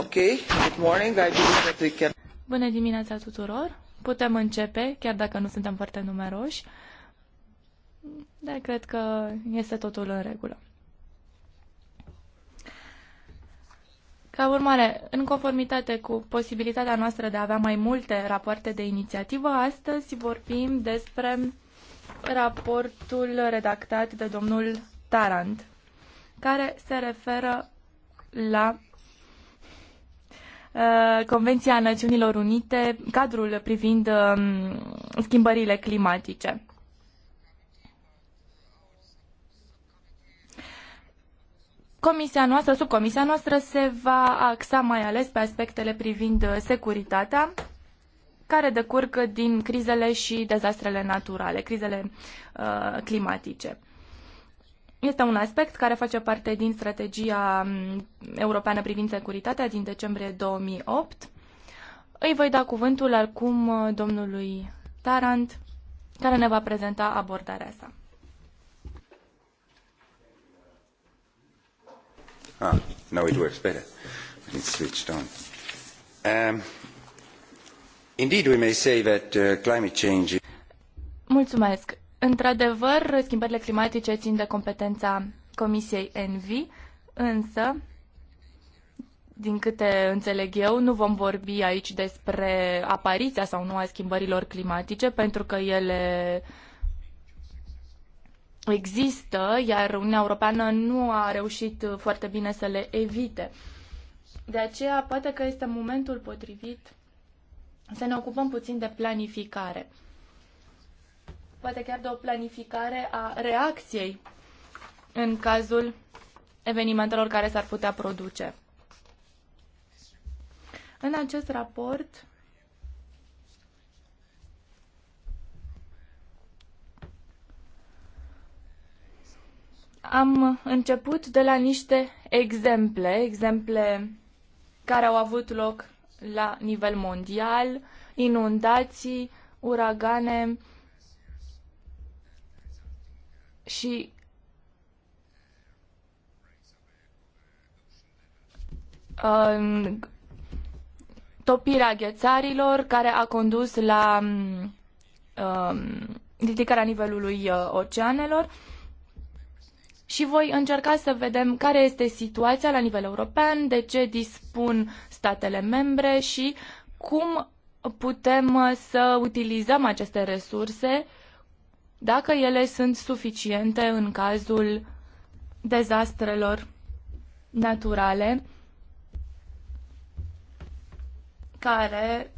Okay, good morning. I believe that we can... Bună dimineața tuturor! Putem începe, chiar dacă nu suntem foarte numeroși, dar cred că este totul în regulă. Ca urmare, în conformitate cu posibilitatea noastră de a avea mai multe rapoarte de inițiativă, astăzi vorbim despre raportul redactat de domnul Tarant, care se referă la Uh, Convenția Națiunilor Unite, cadrul privind um, schimbările climatice. Comisia noastră, subcomisia noastră se va axa mai ales pe aspectele privind uh, securitatea, care decurg din crizele și dezastrele naturale, crizele uh, climatice. Este un aspect care face parte din strategia mm, europeană privind securitatea din decembrie 2008. Îi voi da cuvântul acum uh, domnului Tarant, care ne va prezenta abordarea sa. Ah, now it works better it's switched on. Um, indeed, we may say that uh, climate change. Mulțumesc. Într-adevăr, schimbările climatice țin de competența Comisiei ENVI, însă, din câte înțeleg eu, nu vom vorbi aici despre apariția sau nu a schimbărilor climatice, pentru că ele există, iar Uniunea Europeană nu a reușit foarte bine să le evite. De aceea, poate că este momentul potrivit să ne ocupăm puțin de planificare poate chiar de o planificare a reacției în cazul evenimentelor care s-ar putea produce. În acest raport am început de la niște exemple, exemple care au avut loc la nivel mondial, inundații, uragane, și uh, topirea ghețarilor care a condus la uh, ridicarea nivelului uh, oceanelor și voi încerca să vedem care este situația la nivel european, de ce dispun statele membre și cum putem uh, să utilizăm aceste resurse uh, dacă ele sunt suficiente în cazul dezastrelor naturale care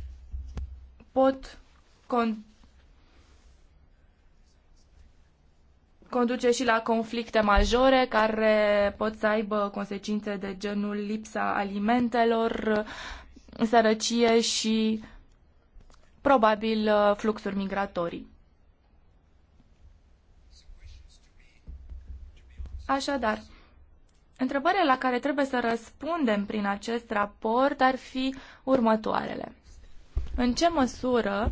pot con- conduce și la conflicte majore care pot să aibă consecințe de genul lipsa alimentelor, sărăcie și probabil fluxuri migratorii. Așadar, întrebarea la care trebuie să răspundem prin acest raport ar fi următoarele. În ce măsură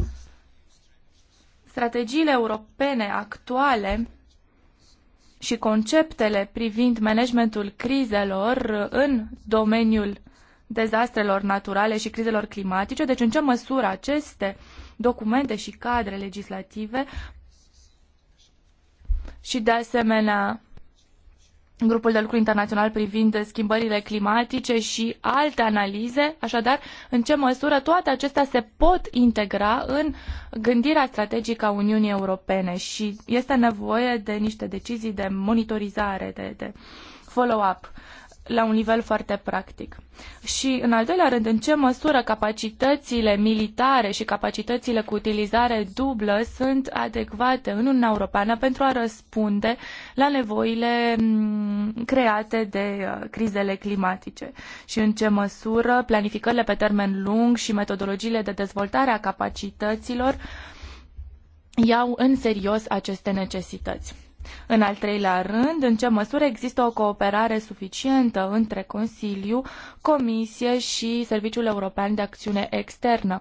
strategiile europene actuale și conceptele privind managementul crizelor în domeniul dezastrelor naturale și crizelor climatice, deci în ce măsură aceste documente și cadre legislative și de asemenea grupul de lucru internațional privind schimbările climatice și alte analize, așadar, în ce măsură toate acestea se pot integra în gândirea strategică a Uniunii Europene și este nevoie de niște decizii de monitorizare, de, de follow-up la un nivel foarte practic. Și, în al doilea rând, în ce măsură capacitățile militare și capacitățile cu utilizare dublă sunt adecvate în Uniunea Europeană pentru a răspunde la nevoile mm, create de uh, crizele climatice și în ce măsură planificările pe termen lung și metodologiile de dezvoltare a capacităților iau în serios aceste necesități. În al treilea rând, în ce măsură există o cooperare suficientă între Consiliu, Comisie și Serviciul European de Acțiune Externă?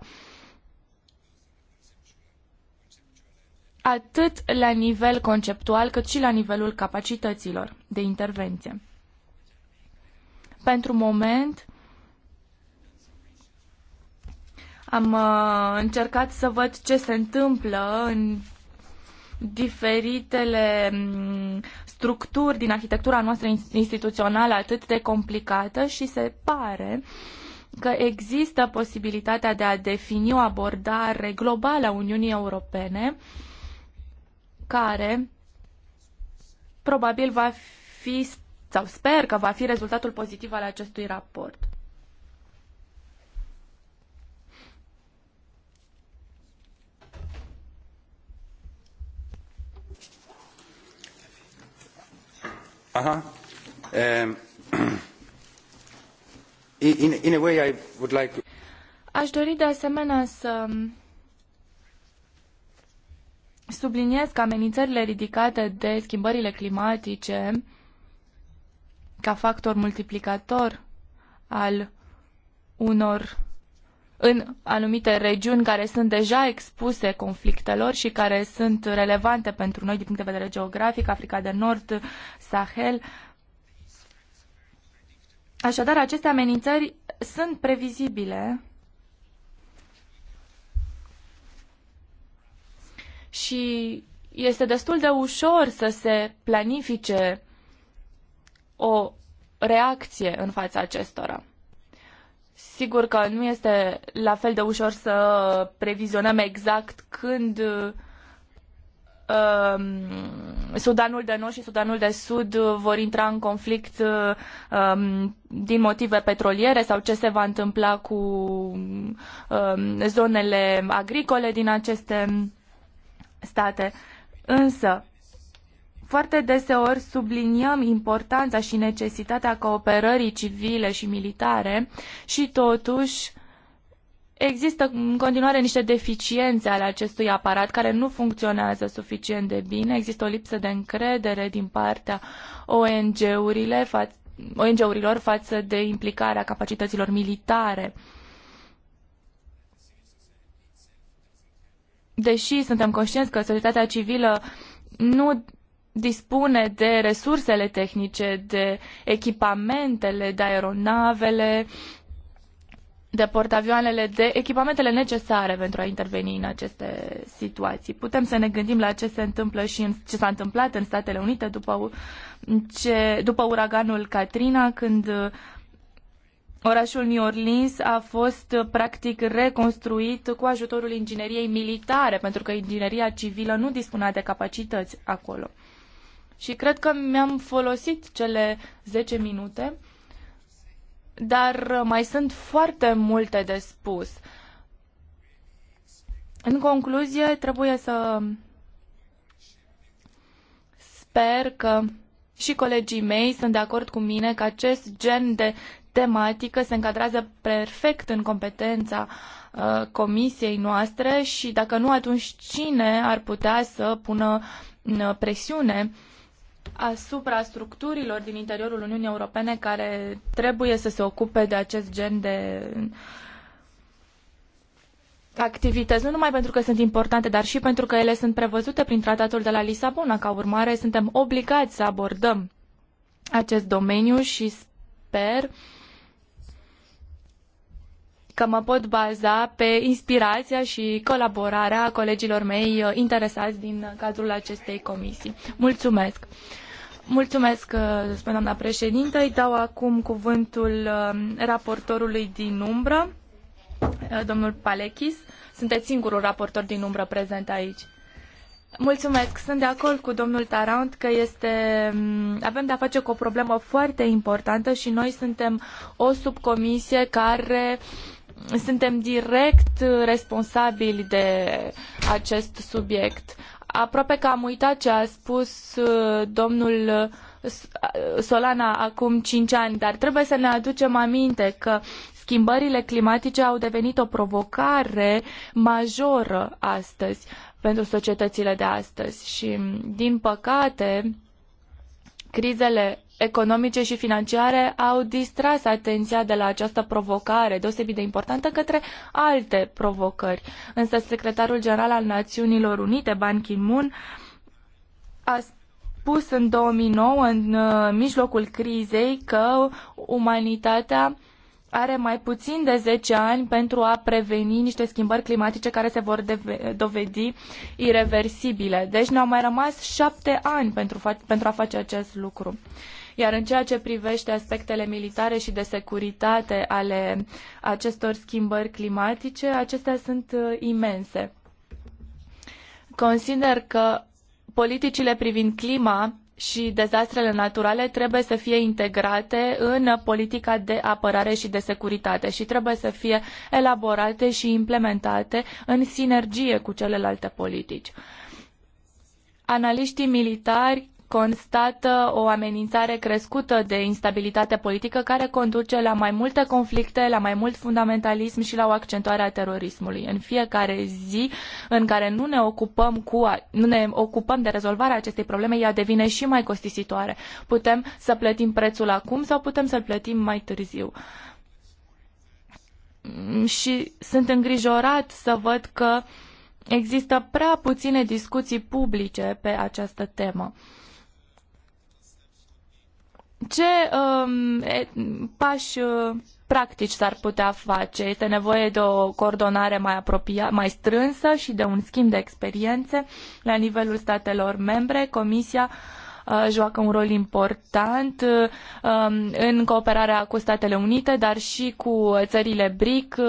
atât la nivel conceptual, cât și la nivelul capacităților de intervenție. Pentru moment, am uh, încercat să văd ce se întâmplă în diferitele mm, structuri din arhitectura noastră instituțională atât de complicată și se pare că există posibilitatea de a defini o abordare globală a Uniunii Europene care probabil va fi sau sper că va fi rezultatul pozitiv al acestui raport. Uh -huh. um, in, in a way I would like to... Aș dori de asemenea să subliniez că amenințările ridicate de schimbările climatice ca factor multiplicator al unor în anumite regiuni care sunt deja expuse conflictelor și care sunt relevante pentru noi din punct de vedere geografic, Africa de Nord, Sahel. Așadar, aceste amenințări sunt previzibile și este destul de ușor să se planifice o reacție în fața acestora. Sigur că nu este la fel de ușor să previzionăm exact când um, Sudanul de Nord și Sudanul de Sud vor intra în conflict um, din motive petroliere sau ce se va întâmpla cu um, zonele agricole din aceste state. Însă, foarte deseori subliniem importanța și necesitatea cooperării civile și militare și totuși există în continuare niște deficiențe ale acestui aparat care nu funcționează suficient de bine. Există o lipsă de încredere din partea ONG-urile fa- ONG-urilor față de implicarea capacităților militare. Deși suntem conștienți că societatea civilă nu dispune de resursele tehnice, de echipamentele, de aeronavele, de portavioanele, de echipamentele necesare pentru a interveni în aceste situații. Putem să ne gândim la ce se întâmplă și în, ce s-a întâmplat în Statele Unite după, ce, după uraganul Katrina, când orașul New Orleans a fost practic reconstruit cu ajutorul ingineriei militare, pentru că ingineria civilă nu dispunea de capacități acolo și cred că mi-am folosit cele 10 minute, dar mai sunt foarte multe de spus. În concluzie, trebuie să sper că și colegii mei sunt de acord cu mine că acest gen de tematică se încadrează perfect în competența uh, comisiei noastre și dacă nu, atunci cine ar putea să pună uh, presiune uh, asupra structurilor din interiorul Uniunii Europene care trebuie să se ocupe de acest gen de activități, nu numai pentru că sunt importante, dar și pentru că ele sunt prevăzute prin tratatul de la Lisabona. Ca urmare, suntem obligați să abordăm acest domeniu și sper că mă pot baza pe inspirația și colaborarea colegilor mei uh, interesați din uh, cadrul acestei comisii. Mulțumesc! Mulțumesc, uh, spune doamna președintă. Îi dau acum cuvântul um, raportorului din umbră, uh, domnul Palechis. Sunteți singurul raportor din umbră prezent aici. Mulțumesc. Sunt de acord cu domnul Tarant că este, um, avem de-a face cu o problemă foarte importantă și noi suntem o subcomisie care suntem direct responsabili de acest subiect aproape că am uitat ce a spus uh, domnul uh, uh, Solana acum cinci ani, dar trebuie să ne aducem aminte că schimbările climatice au devenit o provocare majoră astăzi pentru societățile de astăzi și, din păcate, crizele economice și financiare au distras atenția de la această provocare deosebit de importantă către alte provocări. Însă secretarul general al Națiunilor Unite, Ban Ki-moon, a spus în 2009, în uh, mijlocul crizei, că umanitatea are mai puțin de zece ani pentru a preveni niște schimbări climatice care se vor dovedi irreversibile. Deci ne-au mai rămas 7 ani pentru, pentru a face acest lucru. Uh, iar în ceea ce privește aspectele militare și de securitate ale acestor schimbări climatice, acestea sunt uh, imense. Consider că politicile privind clima și dezastrele naturale trebuie să fie integrate în politica de apărare și de securitate și trebuie să fie elaborate și implementate în sinergie cu celelalte politici. Analiștii militari constată o amenințare crescută de instabilitate politică care conduce la mai multe conflicte, la mai mult fundamentalism și la o accentuare a terorismului. În fiecare zi în care nu ne ocupăm, cu, nu ne ocupăm de rezolvarea acestei probleme, ea devine și mai costisitoare. Putem să plătim prețul acum sau putem să-l plătim mai târziu și sunt îngrijorat să văd că există prea puține discuții publice pe această temă ce um, e, pași uh, practici s-ar putea face? Este nevoie de o coordonare mai, apropia, mai strânsă și de un schimb de experiențe la nivelul statelor membre. Comisia uh, joacă un rol important uh, um, în cooperarea cu Statele Unite, dar și cu țările BRIC, uh,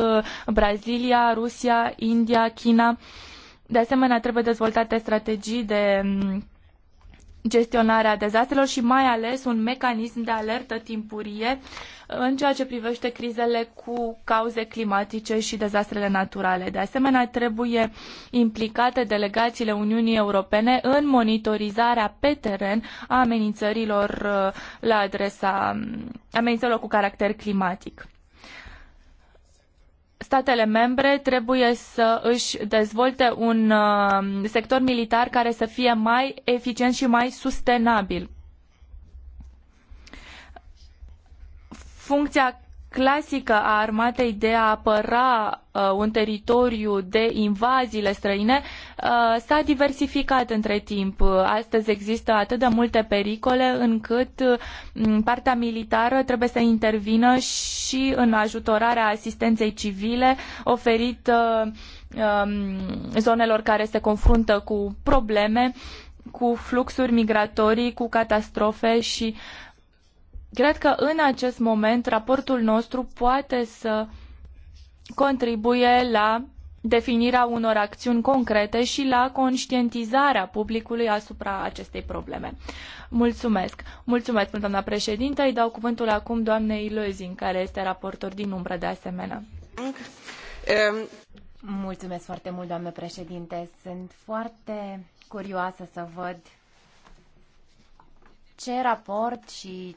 Brazilia, Rusia, India, China. De asemenea, trebuie dezvoltate strategii de um, gestionarea dezastrelor și mai ales un mecanism de alertă timpurie în ceea ce privește crizele cu cauze climatice și dezastrele naturale. De asemenea, trebuie implicate delegațiile Uniunii Europene în monitorizarea pe teren a amenințărilor uh, la adresa um, amenințărilor cu caracter climatic statele membre trebuie să își dezvolte un uh, sector militar care să fie mai eficient și mai sustenabil. Funcția clasică a armatei de a apăra uh, un teritoriu de invaziile străine uh, s-a diversificat între timp. Astăzi există atât de multe pericole încât uh, partea militară trebuie să intervină și în ajutorarea asistenței civile oferită uh, um, zonelor care se confruntă cu probleme, cu fluxuri migratorii, cu catastrofe și uh, cred că în acest moment raportul nostru poate să contribuie la definirea unor acțiuni concrete și la conștientizarea publicului asupra acestei probleme. Mulțumesc. Mulțumesc, doamna președinte. Îi dau cuvântul acum doamnei Lozin, care este raportor din umbră de asemenea. Mulțumesc foarte mult, doamnă președinte. Sunt foarte curioasă să văd ce raport și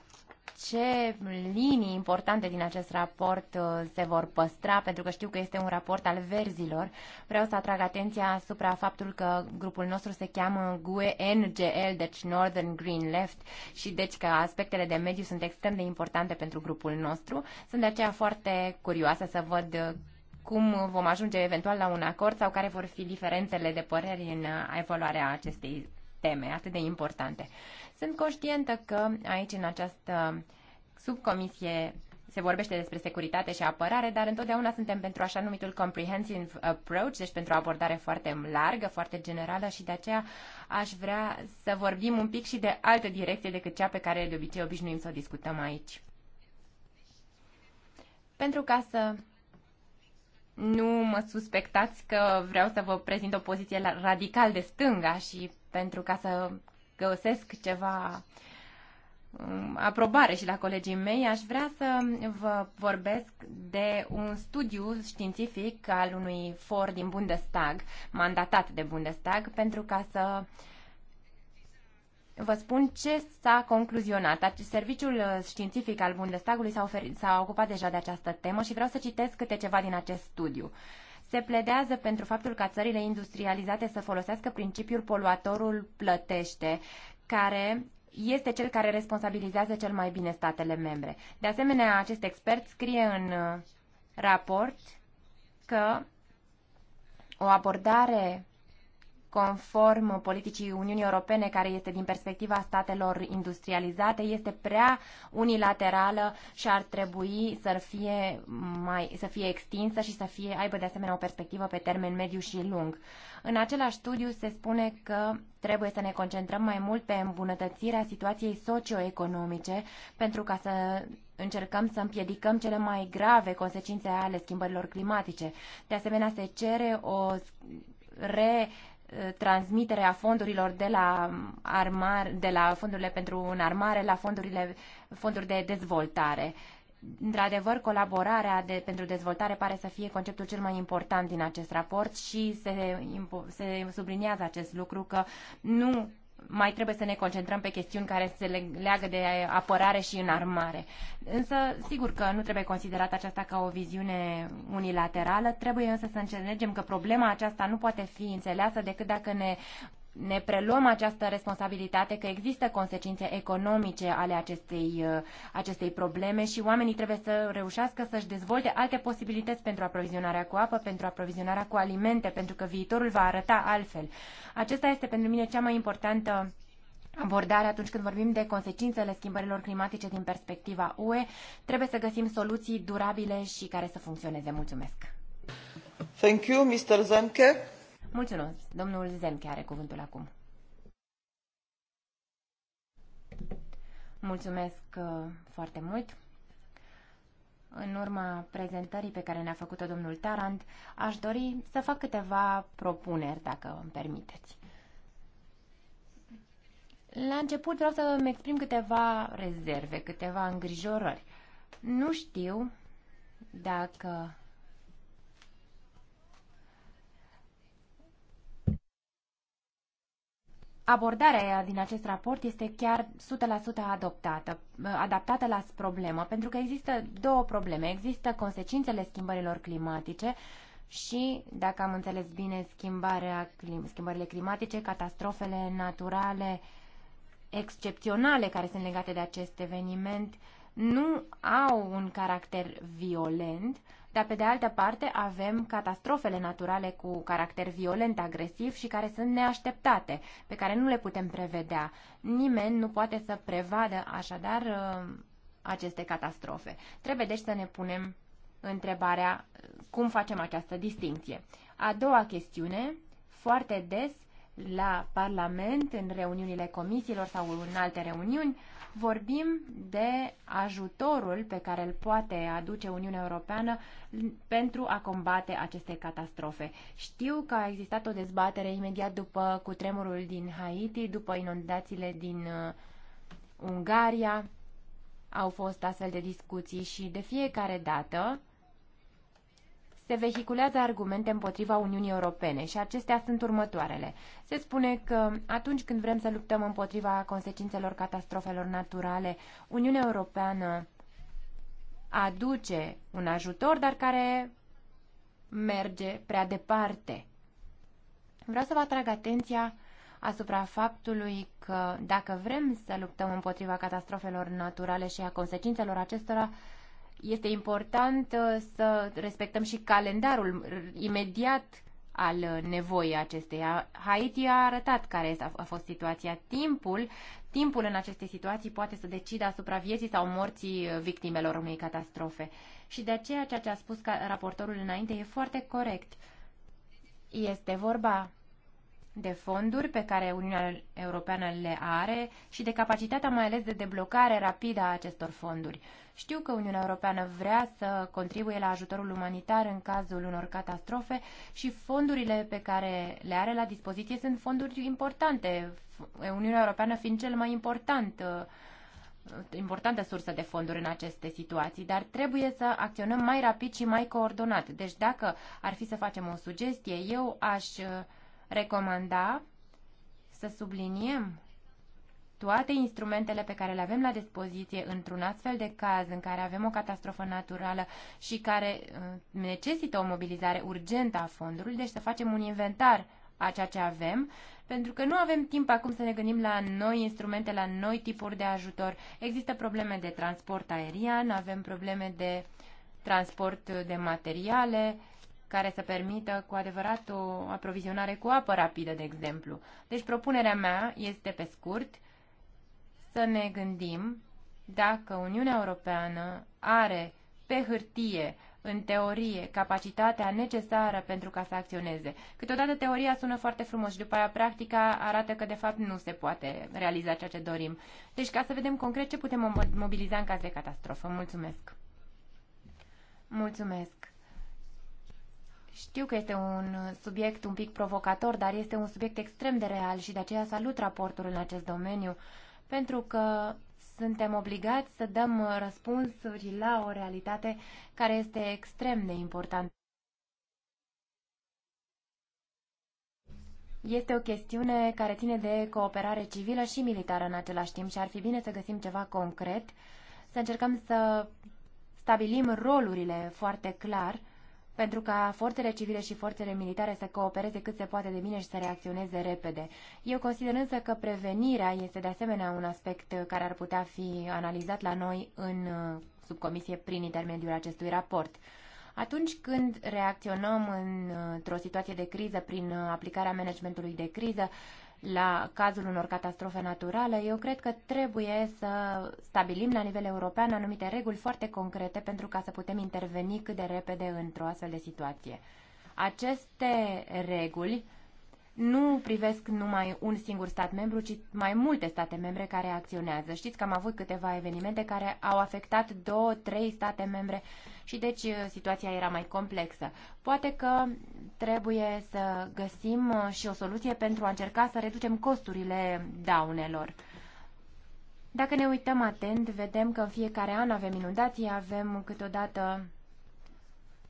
ce linii importante din acest raport uh, se vor păstra, pentru că știu că este un raport al verzilor. Vreau să atrag atenția asupra faptul că grupul nostru se cheamă GUE NGL, deci Northern Green Left, și deci că aspectele de mediu sunt extrem de importante pentru grupul nostru. Sunt de aceea foarte curioasă să văd uh, cum vom ajunge eventual la un acord sau care vor fi diferențele de păreri în uh, evaluarea acestei teme atât de importante. Sunt conștientă că aici, în această subcomisie, se vorbește despre securitate și apărare, dar întotdeauna suntem pentru așa numitul comprehensive approach, deci pentru o abordare foarte largă, foarte generală și de aceea aș vrea să vorbim un pic și de altă direcție decât cea pe care de obicei obișnuim să o discutăm aici. Pentru ca să nu mă suspectați că vreau să vă prezint o poziție radical de stânga și pentru ca să găsesc ceva um, aprobare și la colegii mei, aș vrea să vă vorbesc de un studiu științific al unui for din Bundestag, mandatat de Bundestag, pentru ca să vă spun ce s-a concluzionat. Serviciul științific al Bundestagului s-a, ocupat deja de această temă și vreau să citesc câte ceva din acest studiu. Uh, se pledează pentru faptul ca țările industrializate să folosească principiul poluatorul plătește, care este cel care responsabilizează cel mai bine statele membre. De asemenea, acest expert scrie în uh, raport că o abordare conform politicii Uniunii Europene, care este din perspectiva statelor industrializate, este prea unilaterală și ar trebui să fie, mai, să fie extinsă și să fie, aibă de asemenea o perspectivă pe termen mediu și lung. În același studiu se spune că trebuie să ne concentrăm mai mult pe îmbunătățirea situației socioeconomice pentru ca să încercăm să împiedicăm cele mai grave consecințe ale schimbărilor climatice. De asemenea, se cere o re transmiterea fondurilor de la, armar, de la fondurile pentru înarmare la fondurile, fonduri de dezvoltare. Într-adevăr, colaborarea de, pentru dezvoltare pare să fie conceptul cel mai important din acest raport și se, se subliniază acest lucru că nu mai trebuie să ne concentrăm pe chestiuni care se leagă de apărare și înarmare. Însă, sigur că nu trebuie considerată aceasta ca o viziune unilaterală, trebuie însă să înțelegem că problema aceasta nu poate fi înțeleasă decât dacă ne ne preluăm această responsabilitate, că există consecințe economice ale acestei, uh, acestei probleme și oamenii trebuie să reușească să-și dezvolte alte posibilități pentru aprovizionarea cu apă, pentru aprovizionarea cu alimente, pentru că viitorul va arăta altfel. Acesta este pentru mine cea mai importantă abordare atunci când vorbim de consecințele schimbărilor climatice din perspectiva UE. Trebuie să găsim soluții durabile și care să funcționeze. Mulțumesc! Thank you, Mr. Zemke. Mulțumesc. Domnul Zemke are cuvântul acum. Mulțumesc uh, foarte mult. În urma prezentării pe care ne-a făcut-o domnul Tarant, aș dori să fac câteva propuneri, dacă îmi permiteți. La început vreau să îmi exprim câteva rezerve, câteva îngrijorări. Nu știu dacă abordarea din acest raport este chiar 100% adoptată, adaptată la problemă, pentru că există două probleme. Există consecințele schimbărilor climatice și, dacă am înțeles bine, schimbarea, schimbările climatice, catastrofele naturale excepționale care sunt legate de acest eveniment nu au un caracter violent, dar pe de altă parte avem catastrofele naturale cu caracter violent, agresiv și care sunt neașteptate, pe care nu le putem prevedea. Nimeni nu poate să prevadă așadar uh, aceste catastrofe. Trebuie deci să ne punem întrebarea uh, cum facem această distinție. A doua chestiune, foarte des la Parlament, în reuniunile comisiilor sau în alte reuniuni, vorbim de ajutorul pe care îl poate aduce Uniunea Europeană pentru a combate aceste catastrofe. Știu că a existat o dezbatere imediat după cutremurul din Haiti, după inundațiile din uh, Ungaria. Au fost astfel de discuții și de fiecare dată se vehiculează argumente împotriva Uniunii Europene și acestea sunt următoarele. Se spune că atunci când vrem să luptăm împotriva consecințelor catastrofelor naturale, Uniunea Europeană aduce un ajutor, dar care merge prea departe. Vreau să vă atrag atenția asupra faptului că dacă vrem să luptăm împotriva catastrofelor naturale și a consecințelor acestora, este important uh, să respectăm și calendarul imediat al uh, nevoii acesteia. Haiti a arătat care a fost situația. Timpul, timpul în aceste situații poate să decida asupra vieții sau morții uh, victimelor unei catastrofe. Și de aceea ceea ce a spus raportorul înainte e foarte corect. Este vorba de fonduri pe care Uniunea Europeană le are și de capacitatea mai ales de deblocare rapidă a acestor fonduri. Știu că Uniunea Europeană vrea să contribuie la ajutorul umanitar în cazul unor catastrofe și fondurile pe care le are la dispoziție sunt fonduri importante, Uniunea Europeană fiind cel mai important uh, importantă sursă de fonduri în aceste situații, dar trebuie să acționăm mai rapid și mai coordonat. Deci dacă ar fi să facem o sugestie, eu aș uh, recomanda să subliniem toate instrumentele pe care le avem la dispoziție într-un astfel de caz în care avem o catastrofă naturală și care uh, necesită o mobilizare urgentă a fondului, deci să facem un inventar a ceea ce avem, pentru că nu avem timp acum să ne gândim la noi instrumente, la noi tipuri de ajutor. Există probleme de transport aerian, avem probleme de transport de materiale, care să permită cu adevărat o aprovizionare cu apă rapidă, de exemplu. Deci propunerea mea este, pe scurt, să ne gândim dacă Uniunea Europeană are pe hârtie, în teorie, capacitatea necesară pentru ca să acționeze. Câteodată teoria sună foarte frumos și după aia practica arată că de fapt nu se poate realiza ceea ce dorim. Deci ca să vedem concret ce putem mobiliza în caz de catastrofă. Mulțumesc! Mulțumesc! Știu că este un subiect un pic provocator, dar este un subiect extrem de real și de aceea salut raportul în acest domeniu, pentru că suntem obligați să dăm răspunsuri la o realitate care este extrem de importantă. Este o chestiune care ține de cooperare civilă și militară în același timp și ar fi bine să găsim ceva concret, să încercăm să stabilim rolurile foarte clar pentru ca forțele civile și forțele militare să coopereze cât se poate de bine și să reacționeze repede. Eu consider însă că prevenirea este de asemenea un aspect care ar putea fi analizat la noi în uh, subcomisie prin intermediul acestui raport. Atunci când reacționăm uh, într-o situație de criză prin uh, aplicarea managementului de criză, la cazul unor catastrofe naturale, eu cred că trebuie să stabilim la nivel european anumite reguli foarte concrete pentru ca să putem interveni cât de repede într-o astfel de situație. Aceste reguli nu privesc numai un singur stat membru, ci mai multe state membre care acționează. Știți că am avut câteva evenimente care au afectat două, trei state membre și deci uh, situația era mai complexă. Poate că trebuie să găsim uh, și o soluție pentru a încerca să reducem costurile daunelor. Dacă ne uităm atent, vedem că în fiecare an avem inundații, avem câteodată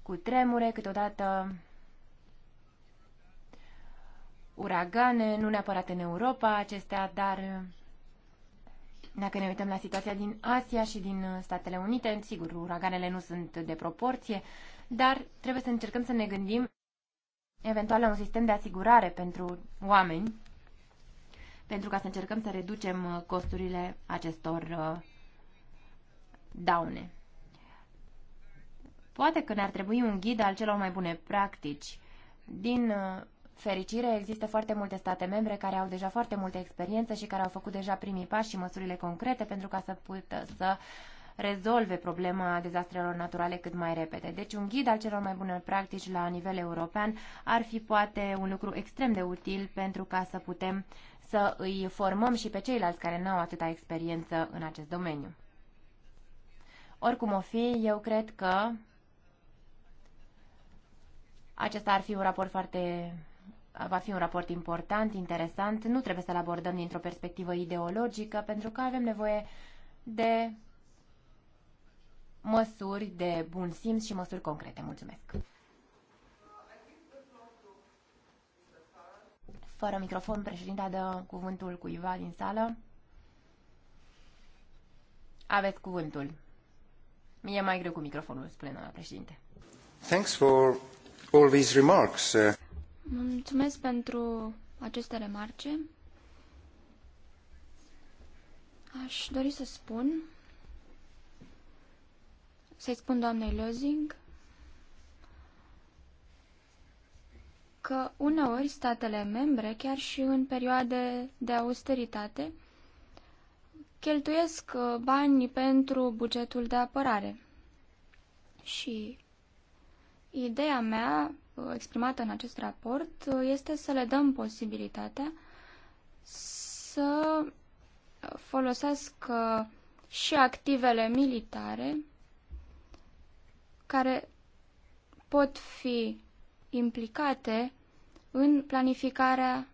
cu tremure, câteodată uragane, nu neapărat în Europa acestea, dar uh, dacă ne uităm la situația din Asia și din uh, Statele Unite, sigur, uraganele nu sunt de proporție, dar trebuie să încercăm să ne gândim eventual la un sistem de asigurare pentru oameni, pentru ca să încercăm să reducem uh, costurile acestor daune. Poate că ne-ar trebui un ghid al celor mai bune practici din fericire, există foarte multe state membre care au deja foarte multă experiență și care au făcut deja primii pași și măsurile concrete pentru ca să pută să rezolve problema dezastrelor naturale cât mai repede. Deci un ghid al celor mai bune practici la nivel european ar fi poate un lucru extrem de util pentru ca să putem să îi formăm și pe ceilalți care nu au atâta experiență în acest domeniu. Oricum o fi, eu cred că acesta ar fi un raport foarte va fi un raport important, interesant. Nu trebuie să-l abordăm dintr-o perspectivă ideologică, pentru că avem nevoie de măsuri de bun simț și măsuri concrete. Mulțumesc! Fără microfon, președinta dă cuvântul cuiva din sală. Aveți cuvântul. E mai greu cu microfonul, spune doamna președinte. Thanks for all these remarks. Uh, Mulțumesc pentru aceste remarce. Aș dori să spun, să-i spun doamnei Lozing, că uneori statele membre, chiar și în perioade de austeritate, cheltuiesc uh, bani pentru bugetul de apărare. Și ideea mea exprimată în acest raport este să le dăm posibilitatea să folosească și activele militare care pot fi implicate în planificarea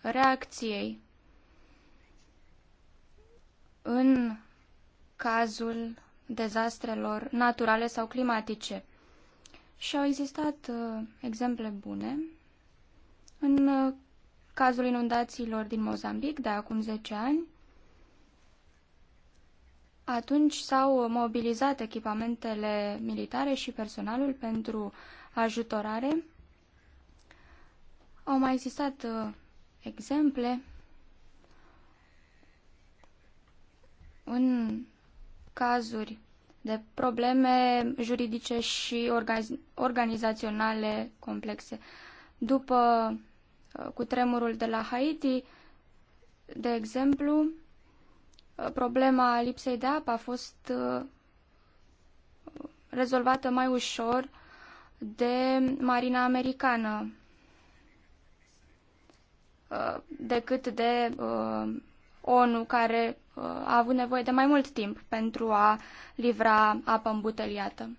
reacției în cazul dezastrelor naturale sau climatice. Și au existat uh, exemple bune. În uh, cazul inundațiilor din Mozambic de acum 10 ani, atunci s-au uh, mobilizat echipamentele militare și personalul pentru ajutorare. Au mai existat uh, exemple în cazuri de probleme juridice și organizaționale complexe. După uh, cutremurul de la Haiti, de exemplu, uh, problema lipsei de apă a fost uh, rezolvată mai ușor de marina americană decât de ONU, care uh, a avut nevoie de mai mult timp pentru a livra apă îmbuteliată.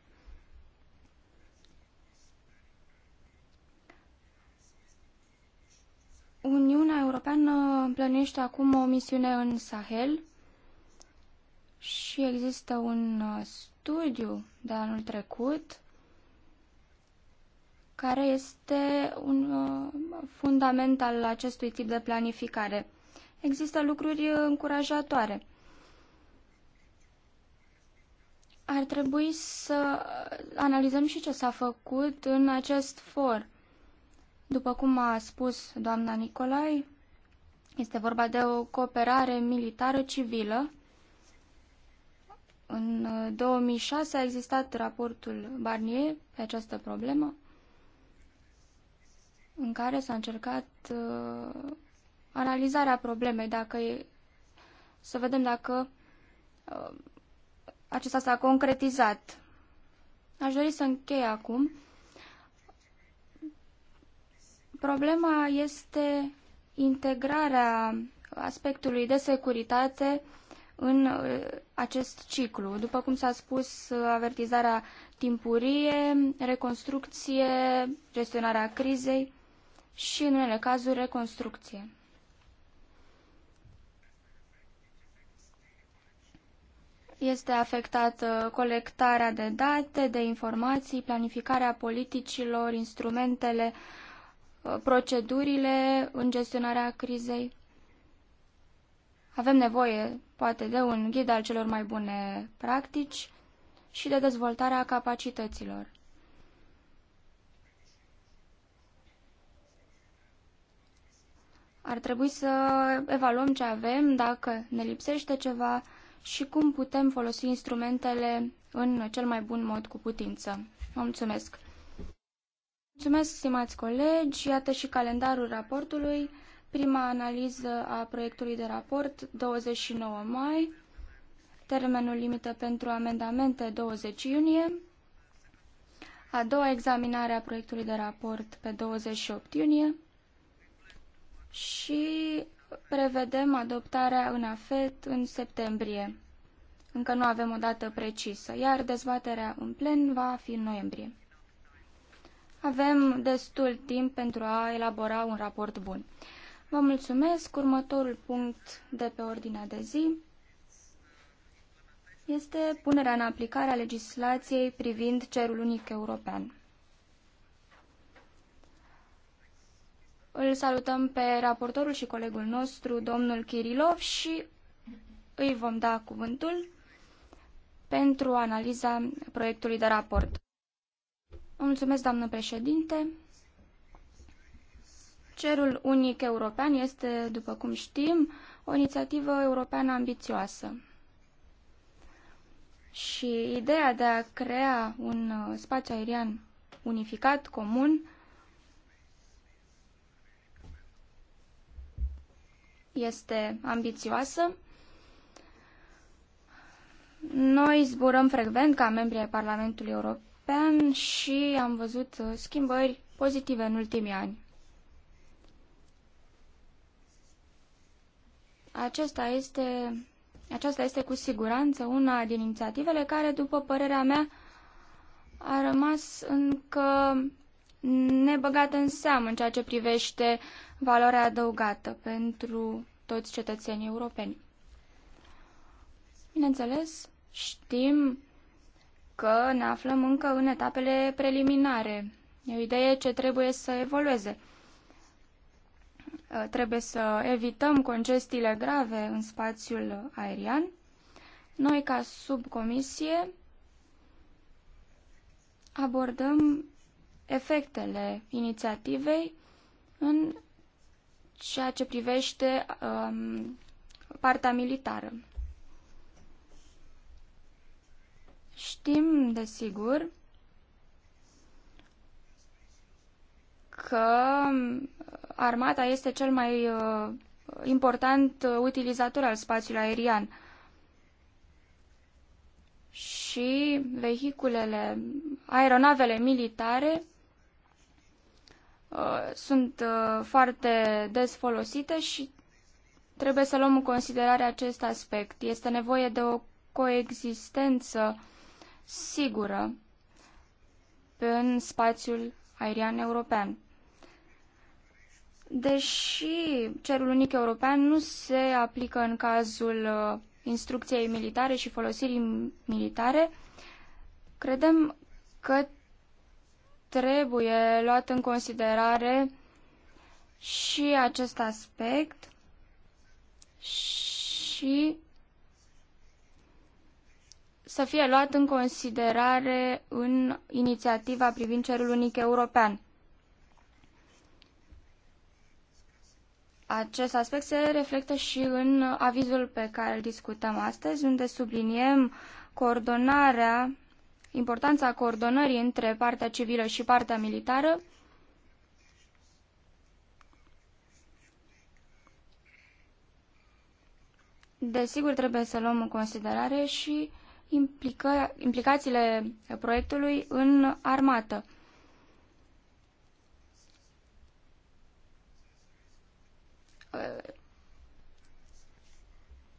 Uniunea Europeană plănește acum o misiune în Sahel și există un uh, studiu de anul trecut care este un uh, fundament al acestui tip de planificare există lucruri uh, încurajatoare. Ar trebui să uh, analizăm și ce s-a făcut în acest for. După cum a spus doamna Nicolai, este vorba de o cooperare militară-civilă. În 2006 uh, a existat raportul Barnier pe această problemă, în care s-a încercat analizarea problemei, dacă e, să vedem dacă uh, acesta s-a concretizat. Aș dori să închei acum. Problema este integrarea aspectului de securitate în uh, acest ciclu. După cum s-a spus, avertizarea timpurie, reconstrucție, gestionarea crizei și, în unele cazuri, reconstrucție. este afectată uh, colectarea de date, de informații, planificarea politicilor, instrumentele, uh, procedurile în gestionarea crizei. Avem nevoie, poate, de un ghid al celor mai bune practici și de dezvoltarea capacităților. Ar trebui să evaluăm ce avem, dacă ne lipsește ceva, și cum putem folosi instrumentele în cel mai bun mod cu putință. Vă mulțumesc! Mulțumesc, stimați colegi! Iată și calendarul raportului. Prima analiză a proiectului de raport, 29 mai, termenul limită pentru amendamente, 20 iunie, a doua examinare a proiectului de raport pe 28 iunie și prevedem adoptarea în AFET în septembrie. Încă nu avem o dată precisă, iar dezbaterea în plen va fi în noiembrie. Avem destul timp pentru a elabora un raport bun. Vă mulțumesc. Următorul punct de pe ordinea de zi este punerea în aplicare a legislației privind cerul unic european. Îl salutăm pe raportorul și colegul nostru, domnul Kirilov, și îi vom da cuvântul pentru analiza proiectului de raport. Mulțumesc, doamnă președinte. Cerul unic european este, după cum știm, o inițiativă europeană ambițioasă. Și ideea de a crea un uh, spațiu aerian unificat, comun, este ambițioasă. Noi zburăm frecvent ca membri ai Parlamentului European și am văzut schimbări pozitive în ultimii ani. Acesta este, aceasta este cu siguranță una din inițiativele care, după părerea mea, a rămas încă nebăgată în seamă în ceea ce privește valoarea adăugată pentru toți cetățenii europeni. Bineînțeles, știm că ne aflăm încă în etapele preliminare. E o idee ce trebuie să evolueze. Uh, trebuie să evităm congestiile grave în spațiul aerian. Noi, ca subcomisie, abordăm efectele inițiativei în ceea ce privește um, partea militară. Știm, desigur, că um, armata este cel mai uh, important utilizator al spațiului aerian și vehiculele, aeronavele militare Uh, sunt uh, foarte des folosite și trebuie să luăm în considerare acest aspect. Este nevoie de o coexistență sigură în spațiul aerian european. Deși cerul unic european nu se aplică în cazul uh, instrucției militare și folosirii militare, credem că trebuie luat în considerare și acest aspect și să fie luat în considerare în inițiativa privind cerul unic european. Acest aspect se reflectă și în avizul pe care îl discutăm astăzi, unde subliniem coordonarea importanța coordonării între partea civilă și partea militară, Desigur, trebuie să luăm în considerare și implică implicațiile proiectului în armată.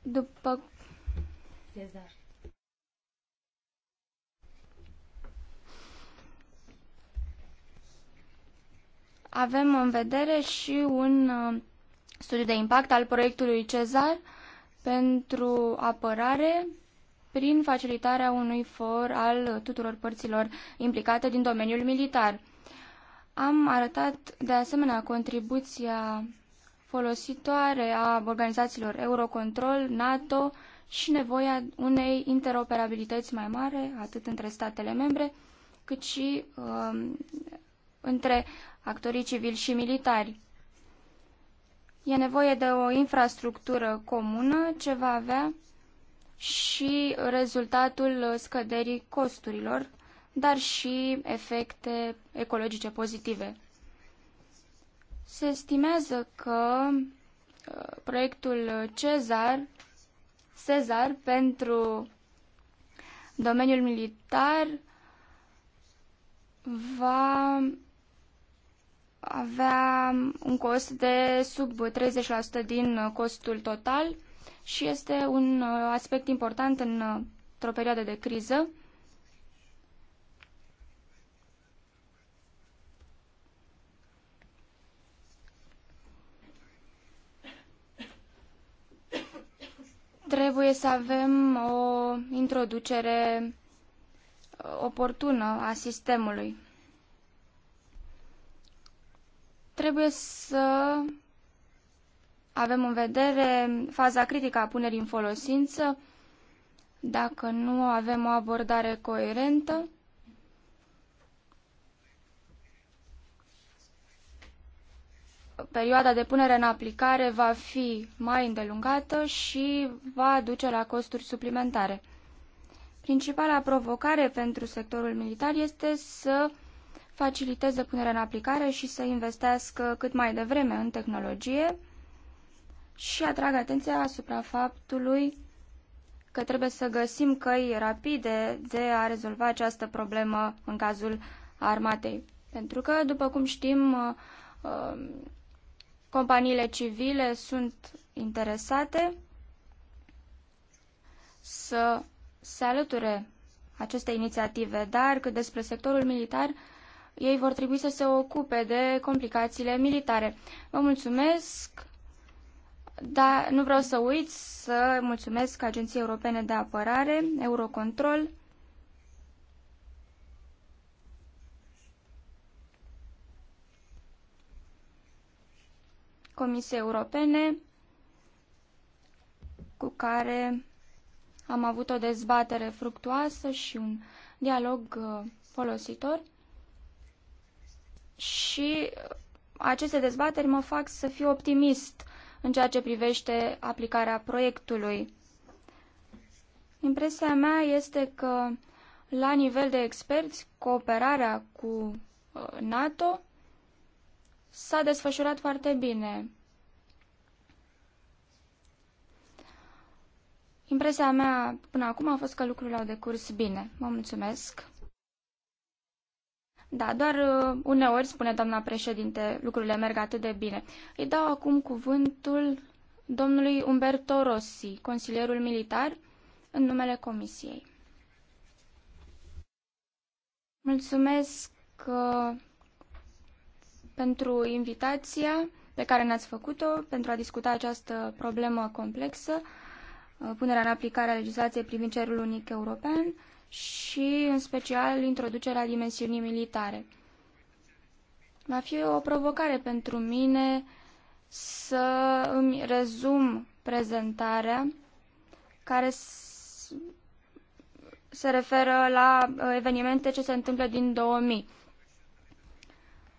După... Cezar. avem în vedere și un uh, studiu de impact al proiectului Cezar pentru apărare prin facilitarea unui for al tuturor părților implicate din domeniul militar. Am arătat de asemenea contribuția folositoare a organizațiilor Eurocontrol, NATO și nevoia unei interoperabilități mai mare, atât între statele membre, cât și um, între actorii civili și militari. E nevoie de o infrastructură comună ce va avea și rezultatul scăderii costurilor, dar și efecte ecologice pozitive. Se estimează că uh, proiectul Cezar, Cezar pentru domeniul militar va avea un cost de sub 30% din costul total și este un uh, aspect important uh, într-o perioadă de criză. Trebuie să avem o introducere uh, oportună a sistemului. Trebuie să avem în vedere faza critică a punerii în folosință, dacă nu avem o abordare coerentă. Perioada de punere în aplicare va fi mai îndelungată și va duce la costuri suplimentare. Principala provocare pentru sectorul militar este să faciliteze punerea în aplicare și să investească cât mai devreme în tehnologie și atrag atenția asupra faptului că trebuie să găsim căi rapide de a rezolva această problemă în cazul armatei. Pentru că, după cum știm, uh, um, companiile civile sunt interesate să se alăture aceste inițiative, dar cât despre sectorul militar, ei vor trebui să se ocupe de complicațiile militare. Vă mulțumesc, dar nu vreau să uit să mulțumesc Agenției Europene de Apărare, Eurocontrol, Comisiei Europene, cu care am avut o dezbatere fructuoasă și un dialog uh, folositor și uh, aceste dezbateri mă fac să fiu optimist în ceea ce privește aplicarea proiectului. Impresia mea este că la nivel de experți, cooperarea cu uh, NATO s-a desfășurat foarte bine. Impresia mea până acum a fost că lucrurile au decurs bine. Vă mulțumesc! Da, doar uh, uneori, spune doamna președinte, lucrurile merg atât de bine. Îi dau acum cuvântul domnului Umberto Rossi, consilierul militar, în numele Comisiei. Mulțumesc uh, pentru invitația pe care ne-ați făcut-o pentru a discuta această problemă complexă, uh, punerea în aplicare a legislației privind cerul unic european și, în special, introducerea dimensiunii militare. Va fi o provocare pentru mine să îmi rezum prezentarea care se referă la uh, evenimente ce se întâmplă din 2000.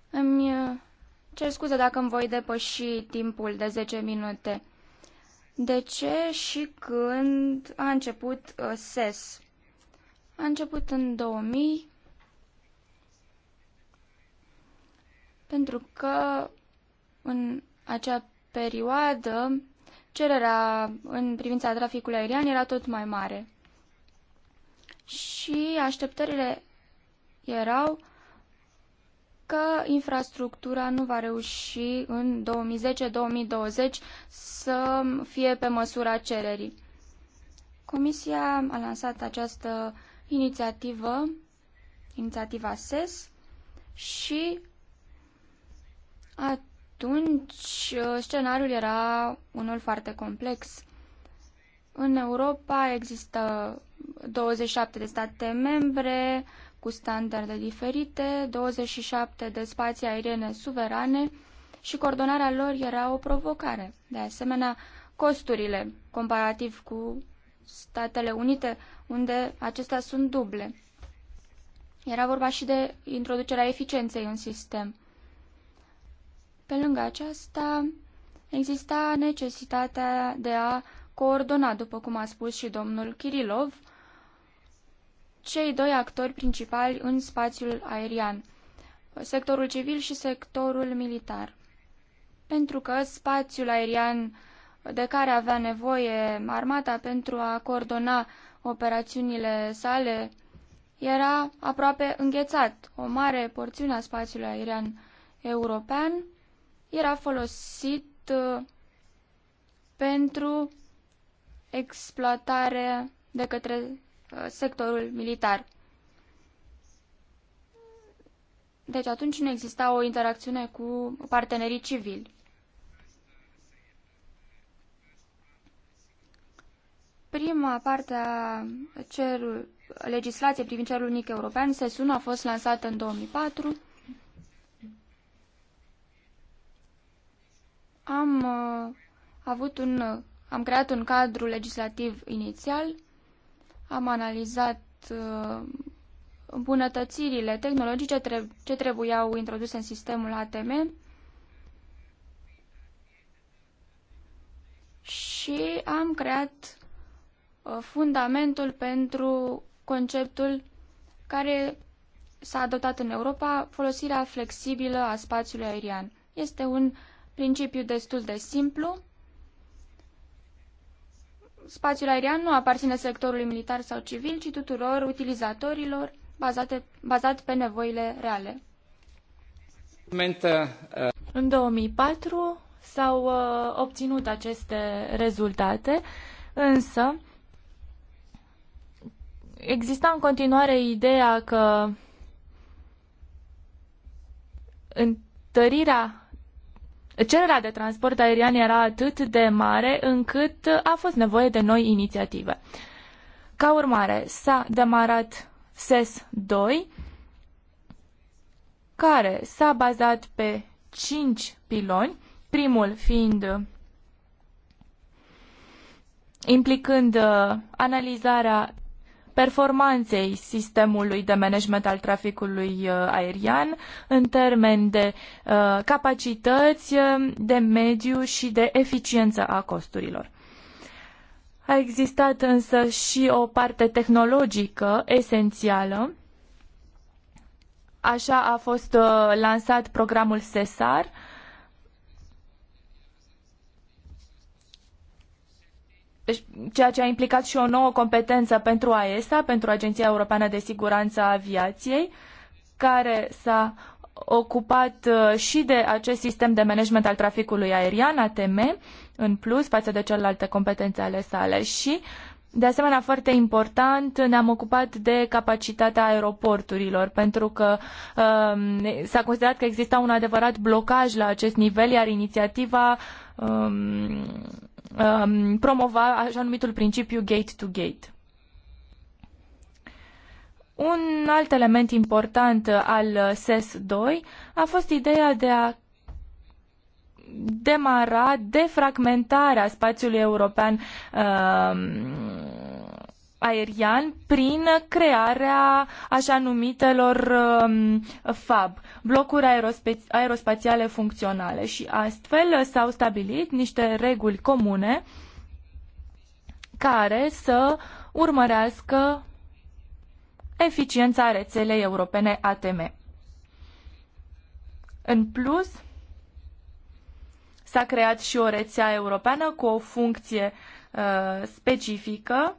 Îmi uh, cer scuze dacă îmi voi depăși timpul de 10 minute. De ce și când a început SES? Uh, a început în 2000 pentru că în acea perioadă cererea în privința traficului aerian era tot mai mare. Și așteptările erau că infrastructura nu va reuși în 2010-2020 să fie pe măsura cererii. Comisia a lansat această inițiativă, inițiativa SES și atunci uh, scenariul era unul foarte complex. În Europa există 27 de state membre cu standarde diferite, 27 de spații aeriene suverane și coordonarea lor era o provocare. De asemenea, costurile comparativ cu Statele Unite, unde acestea sunt duble. Era vorba și de introducerea eficienței în sistem. Pe lângă aceasta, exista necesitatea de a coordona, după cum a spus și domnul Kirilov, cei doi actori principali în spațiul aerian, sectorul civil și sectorul militar. Pentru că spațiul aerian de care avea nevoie armata pentru a coordona operațiunile sale era aproape înghețat. O mare porțiune a spațiului aerian european era folosit uh, pentru exploatare de către uh, sectorul militar. Deci atunci nu exista o interacțiune cu partenerii civili. Prima parte a cerul, legislației privind cerul unic european, SESUN, a fost lansată în 2004. Am uh, avut un, am creat un cadru legislativ inițial, am analizat uh, îmbunătățirile tehnologice ce trebuiau introduse în sistemul ATM și am creat Uh, fundamentul pentru conceptul care s-a adoptat în Europa, folosirea flexibilă a spațiului aerian. Este un principiu destul de simplu. Spațiul aerian nu aparține sectorului militar sau civil, ci tuturor utilizatorilor bazate, bazat pe nevoile reale. În 2004 s-au uh, obținut aceste rezultate, însă Exista în continuare ideea că întărirea cererea de transport aerian era atât de mare încât a fost nevoie de noi inițiative. Ca urmare, s-a demarat SES 2, care s-a bazat pe cinci piloni, primul fiind implicând uh, analizarea performanței sistemului de management al traficului uh, aerian în termeni de uh, capacități, uh, de mediu și de eficiență a costurilor. A existat însă și o parte tehnologică esențială. Așa a fost lansat programul SESAR, Deci, ceea ce a implicat și o nouă competență pentru AESA, pentru Agenția Europeană de Siguranță a Aviației, care s-a ocupat uh, și de acest sistem de management al traficului aerian, ATM, în plus față de celelalte competențe ale sale și de asemenea, foarte important, ne-am ocupat de capacitatea aeroporturilor, pentru că um, s-a considerat că exista un adevărat blocaj la acest nivel, iar inițiativa um, um, promova așa numitul principiu gate-to-gate. Un alt element important al SES-2 a fost ideea de a demara defragmentarea spațiului european um, aerian prin crearea așa numitelor um, FAB, blocuri aerospe- aerospațiale funcționale și astfel s-au stabilit niște reguli comune care să urmărească eficiența rețelei europene ATM. În plus, s-a creat și o rețea europeană cu o funcție uh, specifică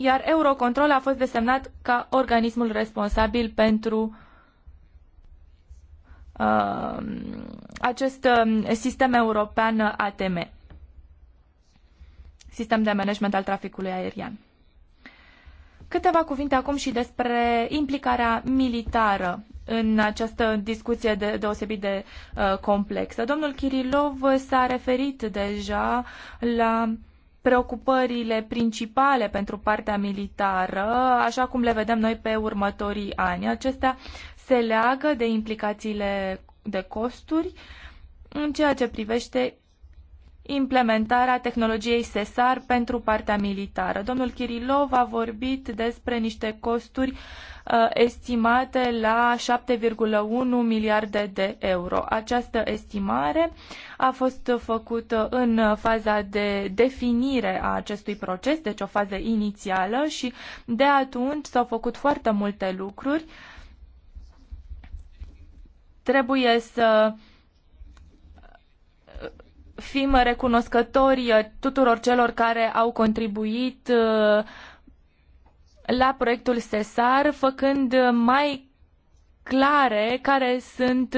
iar Eurocontrol a fost desemnat ca organismul responsabil pentru uh, acest uh, sistem european ATM, sistem de management al traficului aerian. Câteva cuvinte acum și despre implicarea militară în această discuție de, deosebit de uh, complexă. Domnul Kirilov s-a referit deja la uh, preocupările principale pentru partea militară, așa cum le vedem noi pe următorii ani. Acestea se leagă de implicațiile de costuri în ceea ce privește implementarea tehnologiei SESAR pentru partea militară. Domnul Kirilov a vorbit despre niște costuri uh, estimate la 7,1 miliarde de euro. Această estimare a fost făcută în faza de definire a acestui proces, deci o fază inițială și de atunci s-au făcut foarte multe lucruri. Trebuie să fim recunoscători uh, tuturor celor care au contribuit uh, la proiectul SESAR, făcând uh, mai clare care sunt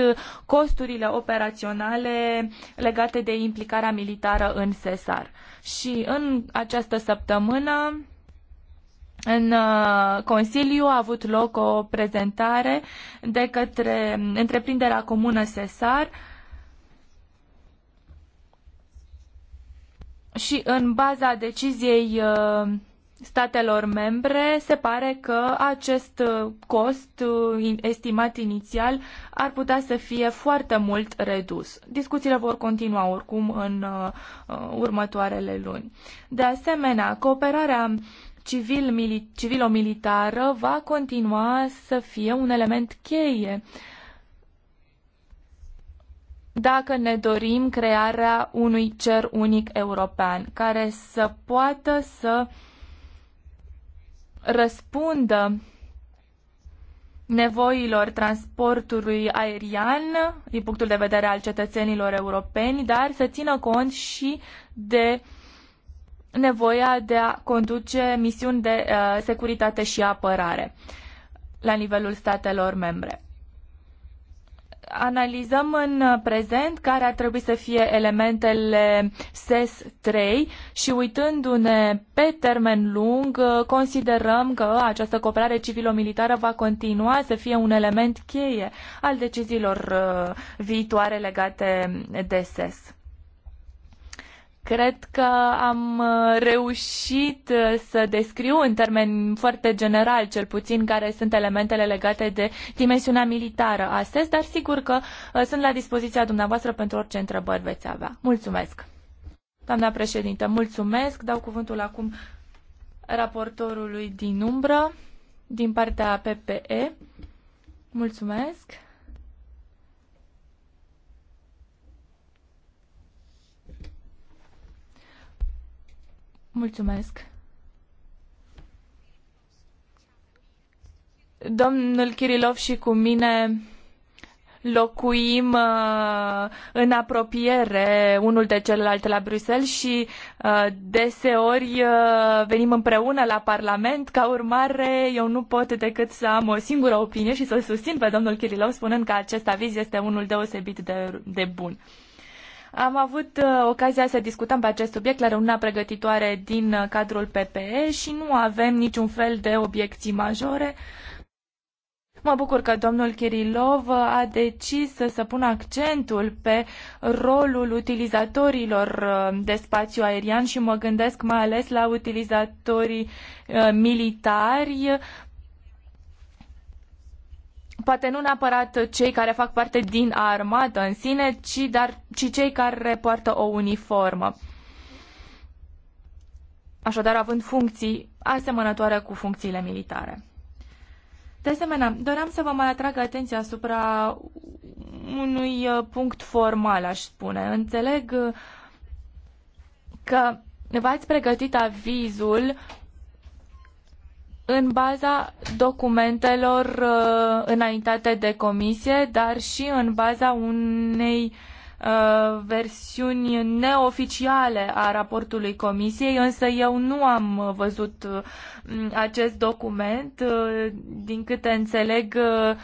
costurile operaționale legate de implicarea militară în SESAR. Și în această săptămână în Consiliu a avut loc o prezentare de către um, întreprinderea comună SESAR uh, și în baza deciziei uh, statelor membre, se pare că acest uh, cost uh, estimat inițial ar putea să fie foarte mult redus. Discuțiile vor continua oricum în următoarele luni. De asemenea, cooperarea civil-militară va continua să fie un element cheie dacă ne dorim crearea unui cer unic european care să poată să răspundă nevoilor transportului aerian din punctul de vedere al cetățenilor europeni, dar să țină cont și de nevoia de a conduce misiuni de uh, securitate și apărare la nivelul statelor membre analizăm în prezent care ar trebui să fie elementele SES 3 și uitându-ne pe termen lung, considerăm că această cooperare civilo-militară va continua să fie un element cheie al deciziilor uh, viitoare legate de SES. Cred că am uh, reușit uh, să descriu în termeni foarte general, cel puțin, care sunt elementele legate de dimensiunea militară astăzi, dar sigur că uh, sunt la dispoziția dumneavoastră pentru orice întrebări veți avea. Mulțumesc! Doamna președintă, mulțumesc. Dau cuvântul acum raportorului din umbră, din partea PPE. Mulțumesc. Mulțumesc. Domnul Kirilov și cu mine locuim uh, în apropiere unul de celălalt la Bruxelles și uh, deseori uh, venim împreună la Parlament. Ca urmare, eu nu pot decât să am o singură opinie și să-l susțin pe domnul Kirilov spunând că acest aviz este unul deosebit de, de bun. Am avut uh, ocazia să discutăm pe acest subiect la reuniunea pregătitoare din uh, cadrul PPE și nu avem niciun fel de obiecții majore. Mă bucur că domnul Kirilov uh, a decis să, să pună accentul pe rolul utilizatorilor de spațiu aerian și mă gândesc mai ales la utilizatorii militari poate nu neapărat cei care fac parte din armată în sine, ci, dar, ci cei care poartă o uniformă. Așadar, având funcții asemănătoare cu funcțiile militare. De asemenea, doream să vă mai atrag atenția asupra unui uh, punct formal, aș spune. Înțeleg uh, că v-ați pregătit avizul în baza documentelor uh, înaintate de comisie, dar și în baza unei uh, versiuni neoficiale a raportului comisiei, însă eu nu am uh, văzut uh, acest document. Uh, din câte înțeleg, uh,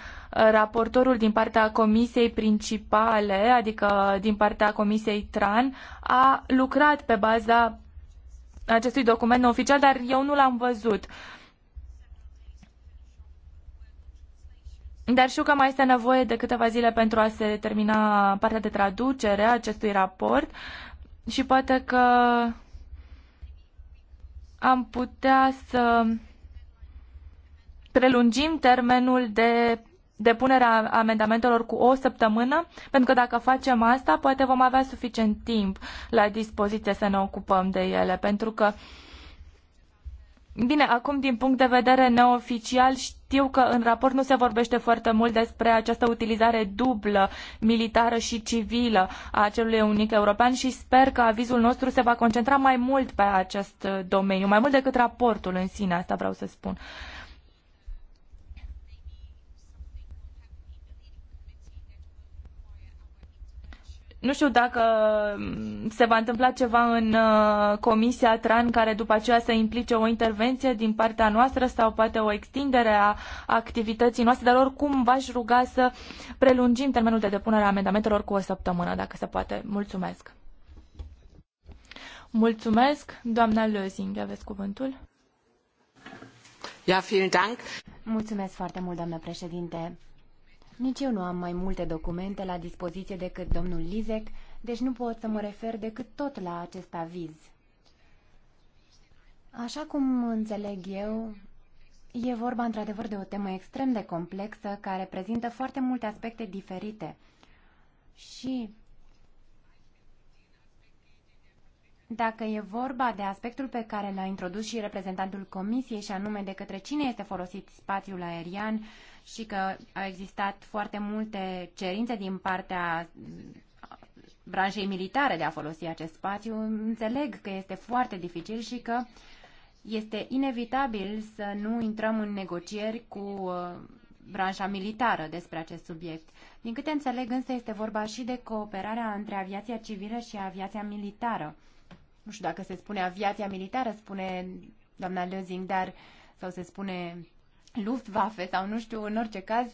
raportorul din partea comisiei principale, adică din partea comisiei TRAN, a lucrat pe baza acestui document oficial, dar eu nu l-am văzut. Uh, Dar știu că mai este nevoie de câteva zile pentru a se termina partea de traducere a acestui raport și poate că am putea să prelungim termenul de depunerea amendamentelor cu o săptămână, pentru că dacă facem asta, poate vom avea suficient timp la dispoziție să ne ocupăm de ele, pentru că uh, Bine, acum din punct de vedere neoficial știu că în raport nu se vorbește foarte mult despre această utilizare dublă, militară și civilă a acelui unic european și sper că avizul nostru se va concentra mai mult pe acest domeniu, mai mult decât raportul în sine, asta vreau să spun. nu știu dacă mm, se va întâmpla ceva în uh, Comisia TRAN care după aceea să implice o intervenție din partea noastră sau poate o extindere a activității noastre, dar oricum v-aș ruga să prelungim termenul de depunere a amendamentelor cu o săptămână, dacă se poate. Mulțumesc! Mulțumesc, doamna Lözing, aveți cuvântul. Ja, vielen Dank. Mulțumesc foarte mult, doamnă președinte. Nici eu nu am mai multe documente la dispoziție decât domnul Lizek, deci nu pot să mă refer decât tot la acest aviz. Așa cum înțeleg eu, e vorba într-adevăr de o temă extrem de complexă care prezintă foarte multe aspecte diferite. Și Dacă e vorba de aspectul pe care l-a introdus și reprezentantul Comisiei, și anume de către cine este folosit spațiul aerian, și că au existat foarte multe cerințe din partea branșei militare de a folosi acest spațiu, înțeleg că este foarte dificil și că este inevitabil să nu intrăm în negocieri cu uh, branșa militară despre acest subiect. Din câte înțeleg însă este vorba și de cooperarea între aviația civilă și aviația militară. Nu știu dacă se spune aviația militară, spune doamna Lözing, dar sau se spune Luftwaffe sau nu știu, în orice caz,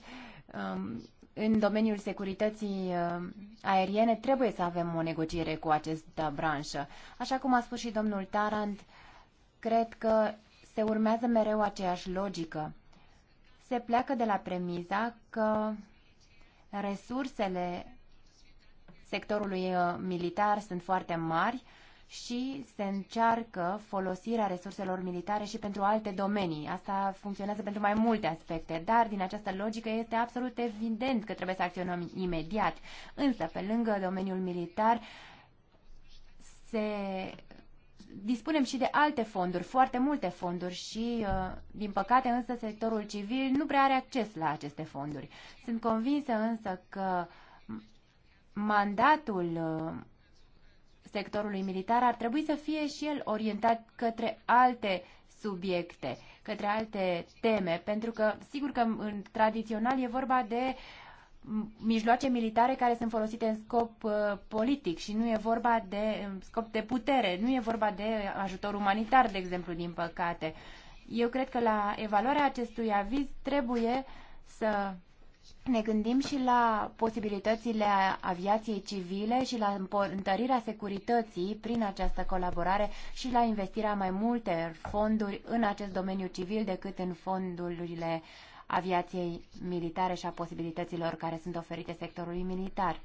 um, în domeniul securității um, aeriene trebuie să avem o negociere cu această branșă. Așa cum a spus și domnul Tarant, cred că se urmează mereu aceeași logică. Se pleacă de la premiza că resursele sectorului uh, militar sunt foarte mari și se încearcă folosirea resurselor militare și pentru alte domenii. Asta funcționează pentru mai multe aspecte, dar din această logică este absolut evident că trebuie să acționăm imediat. Însă, pe lângă domeniul militar, se dispunem și de alte fonduri, foarte multe fonduri și, uh, din păcate, însă sectorul civil nu prea are acces la aceste fonduri. Sunt convinsă însă că mandatul uh, sectorului militar ar trebui să fie și el orientat către alte subiecte, către alte teme, pentru că sigur că în tradițional e vorba de mijloace militare care sunt folosite în scop uh, politic și nu e vorba de în scop de putere, nu e vorba de ajutor umanitar, de exemplu, din păcate. Eu cred că la evaluarea acestui aviz trebuie să ne gândim și la posibilitățile aviației civile și la întărirea securității prin această colaborare și la investirea mai multe fonduri în acest domeniu civil decât în fondurile aviației militare și a posibilităților care sunt oferite sectorului militar.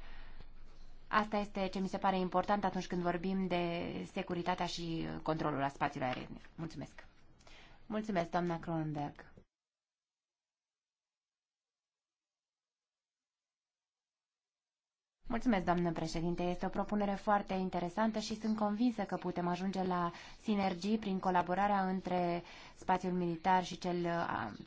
Asta este ce mi se pare important atunci când vorbim de securitatea și controlul a spațiul aerian. Mulțumesc! Mulțumesc, doamna Cronenberg! Mulțumesc, doamnă președinte. Este o propunere foarte interesantă și sunt convinsă că putem ajunge la sinergii prin colaborarea între spațiul militar și cel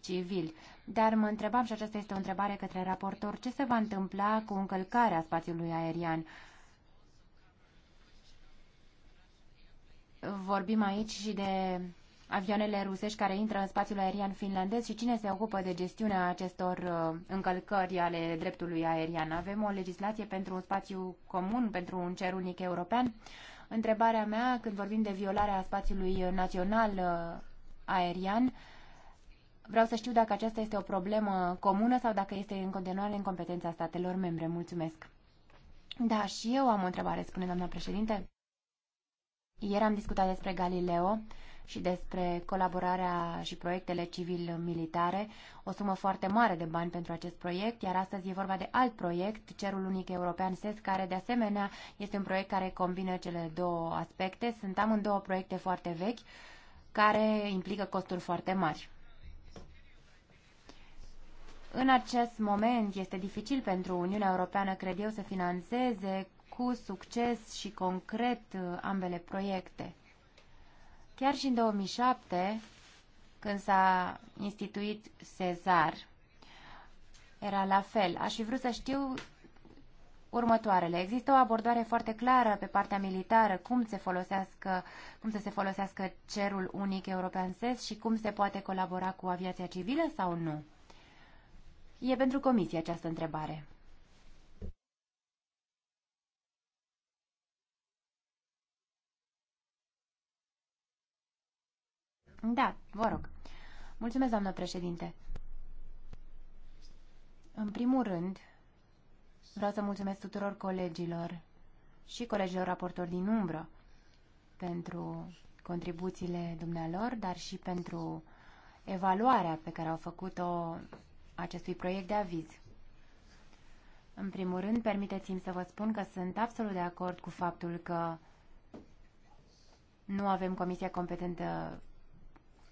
civil. Dar mă întrebam, și aceasta este o întrebare către raportor, ce se va întâmpla cu încălcarea spațiului aerian? Vorbim aici și de avioanele rusești care intră în spațiul aerian finlandez și cine se ocupă de gestiunea acestor uh, încălcări ale dreptului aerian. Avem o legislație pentru un spațiu comun, pentru un cer unic european. Întrebarea mea, când vorbim de violarea spațiului național uh, aerian, vreau să știu dacă aceasta este o problemă comună sau dacă este în continuare în competența statelor membre. Mulțumesc! Da, și eu am o întrebare, spune doamna președinte. Ieri am discutat despre Galileo și despre colaborarea și proiectele civil-militare, o sumă foarte mare de bani pentru acest proiect, iar astăzi e vorba de alt proiect, Cerul Unic European SES, care de asemenea este un proiect care combină cele două aspecte. Sunt amândouă proiecte foarte vechi care implică costuri foarte mari. În acest moment este dificil pentru Uniunea Europeană, cred eu, să financeze cu succes și concret uh, ambele proiecte. Chiar și în 2007, când s-a instituit Cezar, era la fel. Aș fi vrut să știu următoarele. Există o abordare foarte clară pe partea militară, cum, se folosească, cum să se folosească cerul unic european SES și cum se poate colabora cu aviația civilă sau nu? E pentru comisie această întrebare. Da, vă rog. Mulțumesc, doamnă președinte. În primul rând, vreau să mulțumesc tuturor colegilor și colegilor raportori din umbră pentru contribuțiile dumnealor, dar și pentru evaluarea pe care au făcut-o acestui proiect de aviz. În primul rând, permiteți-mi să vă spun că sunt absolut de acord cu faptul că nu avem comisia competentă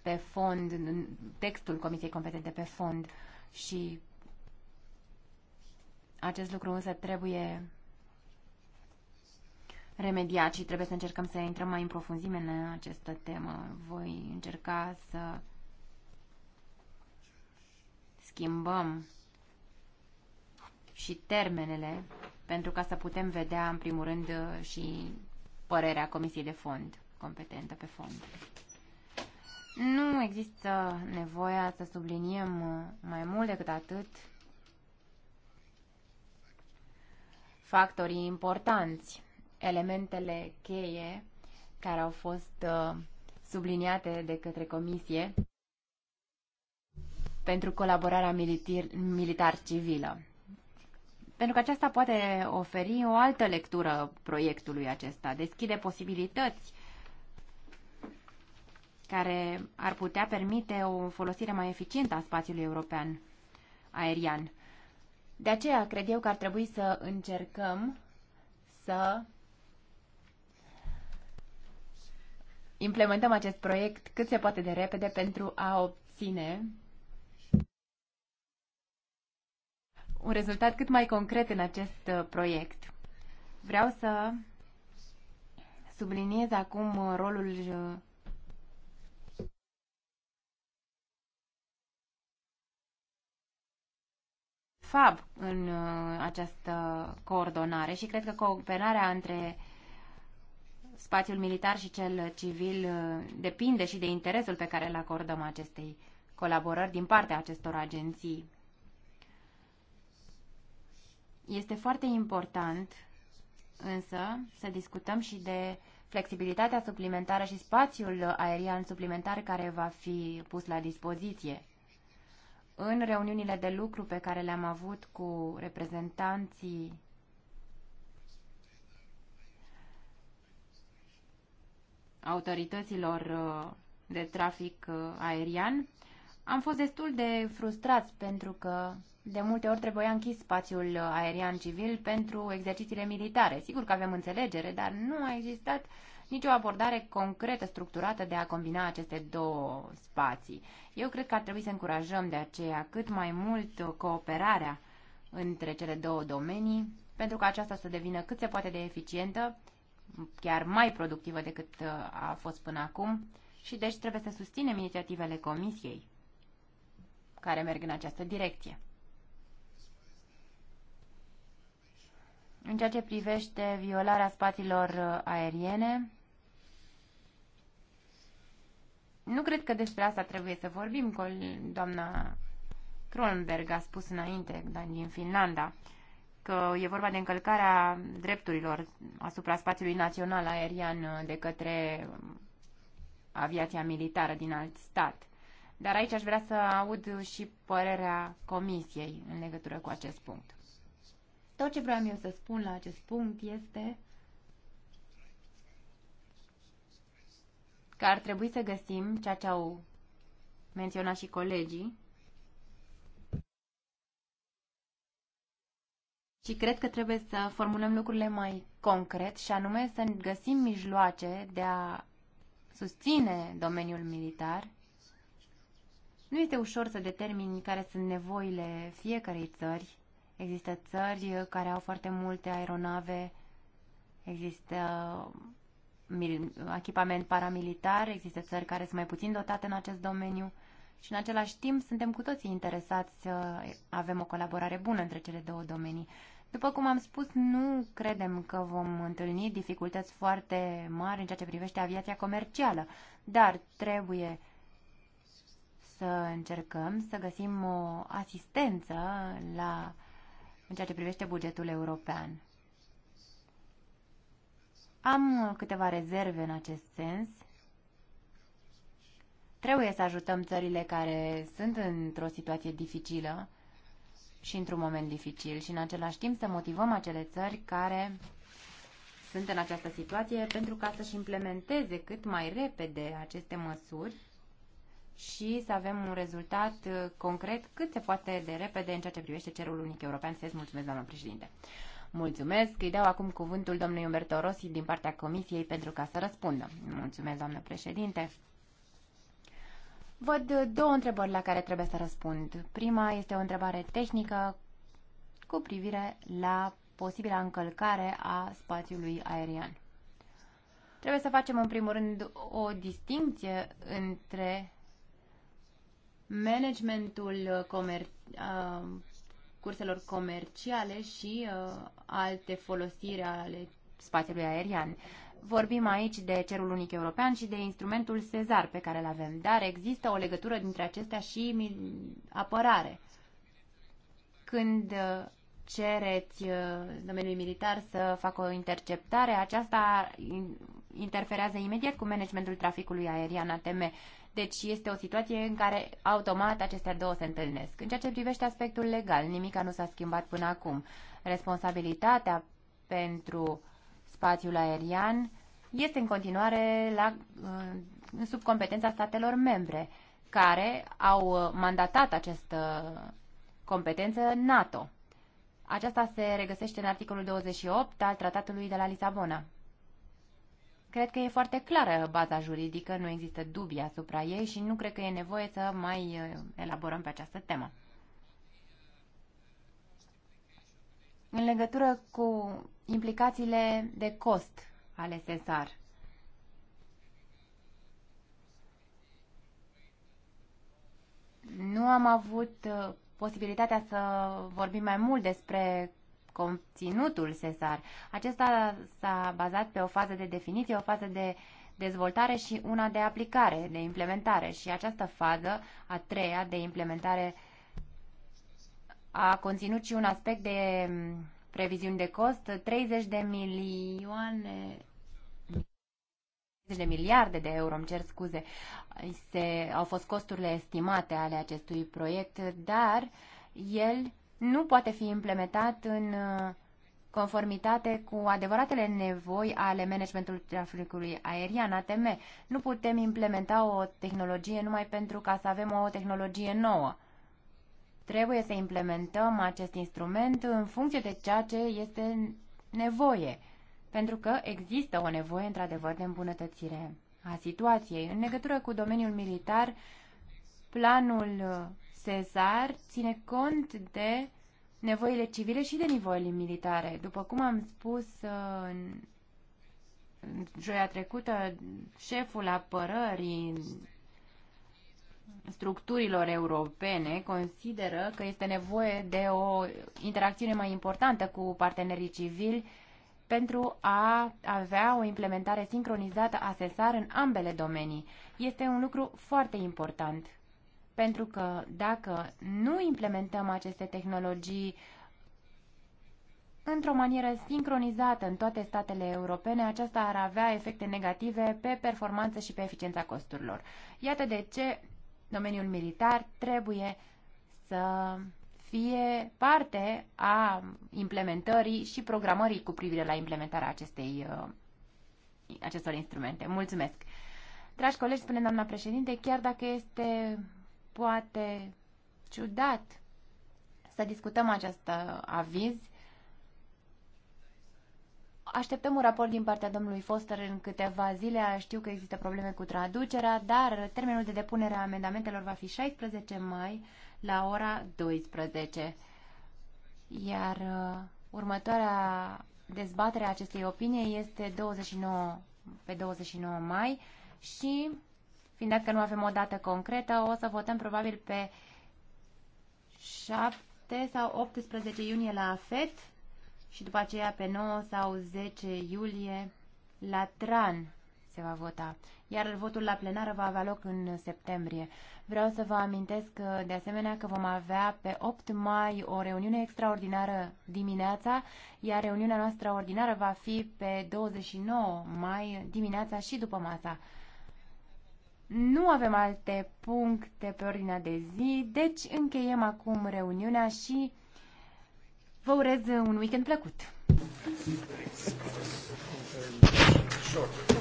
pe fond, în textul Comisiei Competente pe fond și acest lucru însă trebuie remediat și trebuie să încercăm să intrăm mai în profunzime în această temă. Voi încerca să schimbăm și termenele pentru ca să putem vedea, în primul rând, și părerea Comisiei de Fond competentă pe fond. Nu există nevoia să subliniem uh, mai mult decât atât factorii importanți, elementele cheie care au fost uh, subliniate de către Comisie pentru colaborarea militar-civilă. Pentru că aceasta poate oferi o altă lectură proiectului acesta, deschide posibilități care ar putea permite o folosire mai eficientă a spațiului european aerian. De aceea cred eu că ar trebui să încercăm să implementăm acest proiect cât se poate de repede pentru a obține un rezultat cât mai concret în acest uh, proiect. Vreau să subliniez acum rolul uh, fab în uh, această coordonare și cred că cooperarea între spațiul militar și cel civil uh, depinde și de interesul pe care îl acordăm acestei colaborări din partea acestor agenții. Este foarte important însă să discutăm și de flexibilitatea suplimentară și spațiul aerian suplimentar care va fi pus la dispoziție. În reuniunile de lucru pe care le-am avut cu reprezentanții autorităților uh, de trafic uh, aerian, am fost destul de frustrați pentru că de multe ori trebuia închis spațiul uh, aerian civil pentru exercițiile militare. Sigur că avem înțelegere, dar nu a existat uh, nicio abordare concretă, structurată de a combina aceste două spații. Eu cred că ar trebui să încurajăm de aceea cât mai mult cooperarea între cele două domenii, pentru ca aceasta să devină cât se poate de eficientă, chiar mai productivă decât uh, a fost până acum, și deci trebuie să susținem inițiativele Comisiei care merg în această direcție. În ceea ce privește violarea spațiilor uh, aeriene, nu cred că despre asta trebuie să vorbim, doamna Kronberg a spus înainte, da, din Finlanda, că e vorba de încălcarea drepturilor asupra spațiului național aerian uh, de către um, aviația militară din alt stat. Dar aici aș vrea să aud și părerea Comisiei în legătură cu acest punct. Tot ce vreau eu să spun la acest punct este că ar trebui să găsim ceea ce au menționat și colegii. Și cred că trebuie să formulăm lucrurile mai concret și anume să găsim mijloace de a susține domeniul militar. Nu este ușor să determini care sunt nevoile fiecarei țări. Există țări care au foarte multe aeronave, există echipament paramilitar, există țări care sunt mai puțin dotate în acest domeniu și în același timp suntem cu toții interesați să avem o colaborare bună între cele două domenii. După cum am spus, nu credem că vom întâlni dificultăți foarte mari în ceea ce privește aviația comercială, dar trebuie să încercăm să găsim o asistență la, în ceea ce privește bugetul european. Am câteva rezerve în acest sens. Trebuie să ajutăm țările care sunt într-o situație dificilă și într-un moment dificil și în același timp să motivăm acele țări care sunt în această situație pentru ca să-și implementeze cât mai repede aceste măsuri și să avem un rezultat concret cât se poate de repede în ceea ce privește cerul unic european. Să mulțumesc, doamnă președinte. Mulțumesc. Îi dau acum cuvântul domnului Umberto Rossi din partea Comisiei pentru ca să răspundă. Mulțumesc, doamnă președinte. Văd două întrebări la care trebuie să răspund. Prima este o întrebare tehnică cu privire la posibila încălcare a spațiului aerian. Trebuie să facem în primul rând o distinție între managementul comer- curselor comerciale și uh, alte folosiri ale spațiului aerian. Vorbim aici de cerul unic european și de instrumentul Cezar pe care îl avem, dar există o legătură dintre acestea și apărare. Când uh, cereți uh, domeniului militar să facă o interceptare, aceasta interferează imediat cu managementul traficului aerian ATM. Deci este o situație în care automat acestea două se întâlnesc. În ceea ce privește aspectul legal, nimica nu s-a schimbat până acum. Responsabilitatea pentru spațiul aerian este în continuare la, sub competența statelor membre, care au mandatat această competență NATO. Aceasta se regăsește în articolul 28 al Tratatului de la Lisabona. Cred că e foarte clară baza juridică, nu există dubii asupra ei și nu cred că e nevoie să mai uh, elaborăm pe această temă. În legătură cu implicațiile de cost ale SESAR, nu am avut uh, posibilitatea să vorbim mai mult despre conținutul Cesar. Acesta s-a bazat pe o fază de definiție, o fază de dezvoltare și una de aplicare, de implementare. Și această fază, a treia, de implementare, a conținut și un aspect de mm, previziuni de cost, 30 de milioane 30 de miliarde de euro, îmi cer scuze, se, au fost costurile estimate ale acestui proiect, dar el nu poate fi implementat în uh, conformitate cu adevăratele nevoi ale managementului traficului aerian, ATM. Nu putem implementa o tehnologie numai pentru ca să avem o tehnologie nouă. Trebuie să implementăm acest instrument în funcție de ceea ce este nevoie, pentru că există o nevoie într-adevăr de îmbunătățire a situației. În legătură cu domeniul militar, planul uh, Cezar ține cont de nevoile civile și de nevoile militare. După cum am spus uh, în joia trecută, șeful apărării structurilor europene consideră că este nevoie de o interacțiune mai importantă cu partenerii civili pentru a avea o implementare sincronizată a SESAR în ambele domenii. Este un lucru foarte important. Pentru că dacă nu implementăm aceste tehnologii într-o manieră sincronizată în toate statele europene, aceasta ar avea efecte negative pe performanță și pe eficiența costurilor. Iată de ce domeniul militar trebuie să fie parte a implementării și programării cu privire la implementarea acestei, uh, acestor instrumente. Mulțumesc! Dragi colegi, spune doamna președinte, chiar dacă este poate ciudat să discutăm acest uh, aviz. Așteptăm un raport din partea domnului Foster în câteva zile. Știu că există probleme cu traducerea, dar termenul de depunere a amendamentelor va fi 16 mai la ora 12. Iar uh, următoarea dezbatere a acestei opinie este 29 pe 29 mai și Fiind că nu avem o dată concretă, o să votăm probabil pe 7 sau 18 iunie la AFET și după aceea pe 9 sau 10 iulie la TRAN se va vota, iar votul la plenară va avea loc în septembrie. Vreau să vă amintesc uh, de asemenea că vom avea pe 8 mai o reuniune extraordinară dimineața, iar reuniunea noastră ordinară va fi pe 29 mai dimineața și după masa. Nu avem alte puncte pe ordinea de zi, deci încheiem acum reuniunea și vă urez un weekend plăcut.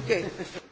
Okay.